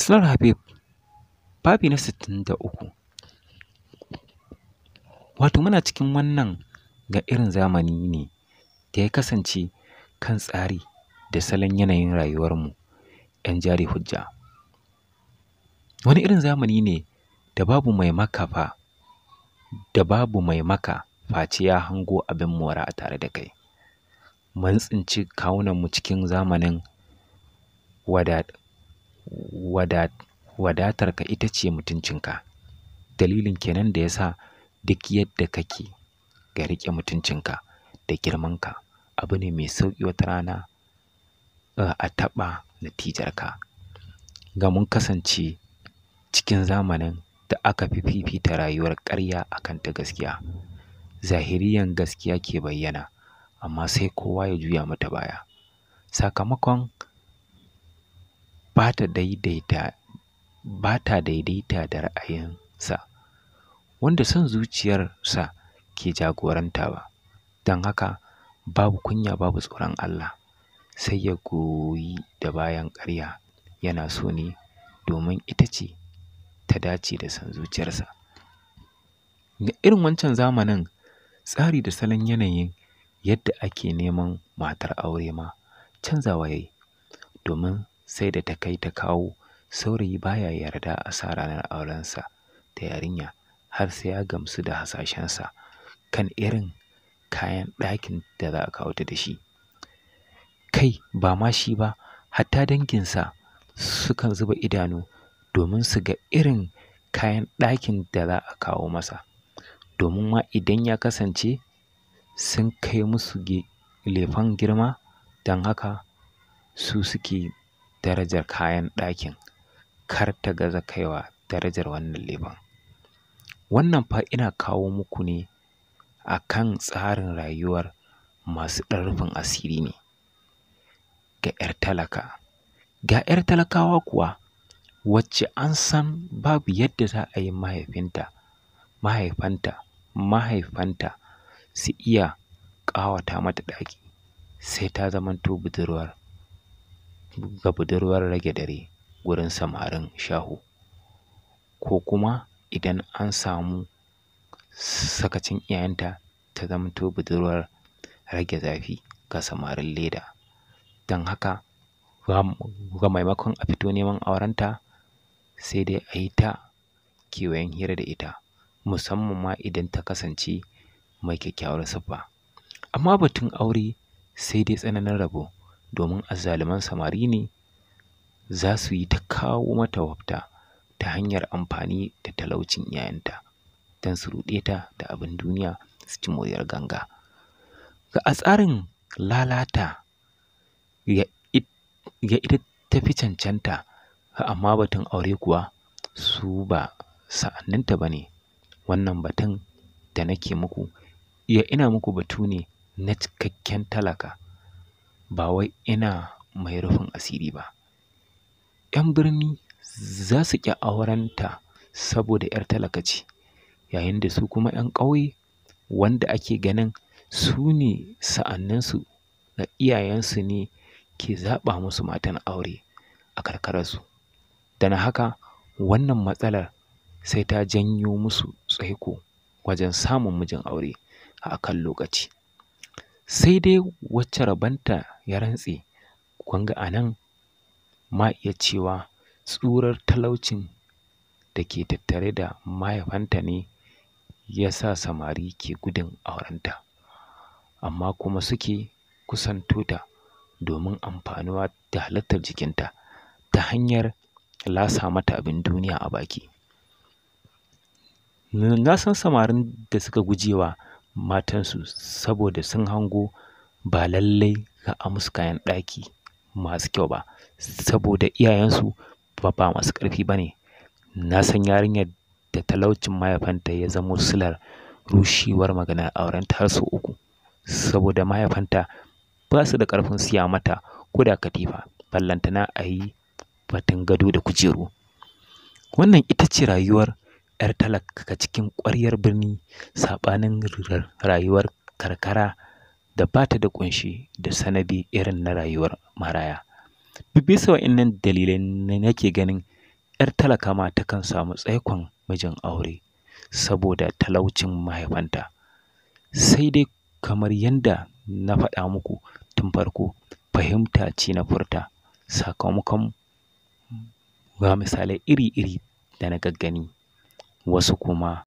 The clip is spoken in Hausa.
Sular Habib babi na sittin da uku. Wato muna cikin wannan ga irin zamani ne da ya kasance kan tsari da salon yanayin rayuwarmu ‘yan jari hujja. Wani irin zamani ne da babu mai maka da babu mai maka face ya hango abin mora a tare da kai. Mun tsinci kawunanmu cikin zamanin wada wadatarka ita ce mutuncinka. Dalilin kenan da ya sa duk yadda kake ga riƙe mutuncinka da girmanka abu ne mai sauƙi wata rana eh, a taɓa natijarka. Ga mun kasance cikin zamanin da aka fi fifita rayuwar ƙarya a kan ta gaskiya. Zahiriyan gaskiya ke bayyana amma sai kowa ya juya mata baya. Sakamakon ba ta daidaita ba ta daidaita da ra'ayinsa wanda son zuciyarsa ke jagoranta ba don haka babu kunya babu tsoron Allah sai ya goyi da bayan ƙarya yana so ne domin ita ce ta dace da son zuciyarsa ga irin wancan zamanin tsari da salon yanayin yadda ake neman matar aure ma canzawa ya yi domin sai da ta kai ta kawo saurayi baya yarda a sa ranar aurensa ta yarinya har sai ya gamsu da hasashensa kan irin kayan ɗakin da za a kawo ta da shi kai ba ma shi ba hatta danginsa sukan zuba idanu domin su ga irin kayan ɗakin da za a kawo masa domin ma idan ya kasance sun kai musu lefan girma don haka su suke darajar kayan ɗakin kar ta gaza kaiwa darajar wannan lefen. Wannan fa ina kawo muku ne a kan tsarin rayuwar masu ɗan rufin asiri ne ga 'yar talaka. Ga 'yar talakawa kuwa wacce an san babu yadda za a yi mahaifinta, mahaifanta, mahaifanta su iya ƙawata mata ɗaki sai ta zamanto budurwar ga budurwar rage dare gurin samarin shahu. ko kuma idan an samu sakacin iyayenta ta zamto budurwar rage zafi ga samarin leda. Don haka ga maimakon a fito neman aurenta sai dai a yi ta kewayen hira da ita musamman ma idan ta kasance mai kyakkyawar siffa. Amma batun aure sai dai tsananin rabo. domin azzaluman samari ne za su yi ta kawo mata wafta ta hanyar amfani da talaucin 'ya'yanta don su ruɗe ta da abin duniya su ci moriyar ganga. Ga a tsarin lalata ya ita ta fi cancanta amma batun aure kuwa su ba sa'anninta ba ne wannan batun da nake muku ya ina muku batu ne na cikakken talaka. ba wai ina mai rufin asiri ba. ‘Yan birni za su ƙi aurenta saboda ‘yar talaka ce, yayin da su kuma ‘yan ƙauye wanda ake ganin su ne sa'anninsu da iyayensu ne ke zaɓa musu matan aure a karkararsu. Da na haka wannan matsalar sai ta janyo musu tsaiko wajen samun mijin aure a akan lokaci. sai dai wacce rabanta ya rantse kun ga nan ma iya cewa tsurar talaucin da ke tattare da mahaifanta ne ya sa samari ke gudun aurenta amma kuma suke kusanto ta domin amfanuwa da halittar jikinta ta hanyar lasa mata abin duniya a baki. Na san samarin da suka gujewa matansu saboda sun hango ba lallai ga a musu kayan ɗaki masu kyau ba saboda iyayensu ba masu ƙarfi ba ne. Na san yarinyar da talaucin mahaifanta ya zamo silar rushewar maganar aurenta har sau uku saboda mahaifanta ba su da ƙarfin siya mata ko da katifa, ballantana a yi gado da kujeru. Wannan ita ce rayuwar 'yar talaka cikin ƙwaryar birni saɓanin rayuwar karkara da ba ta da ƙunshi da sanabi irin na rayuwar maraya. Bisa wa'innan dalilai nake ganin 'yar talaka ma takan samu tsaikon mijin aure saboda talaucin mahaifanta. Sai dai kamar yadda na faɗa muku tun farko fahimta ci na furta sakamakon ga misalai iri-iri da na gani. 我是姑妈。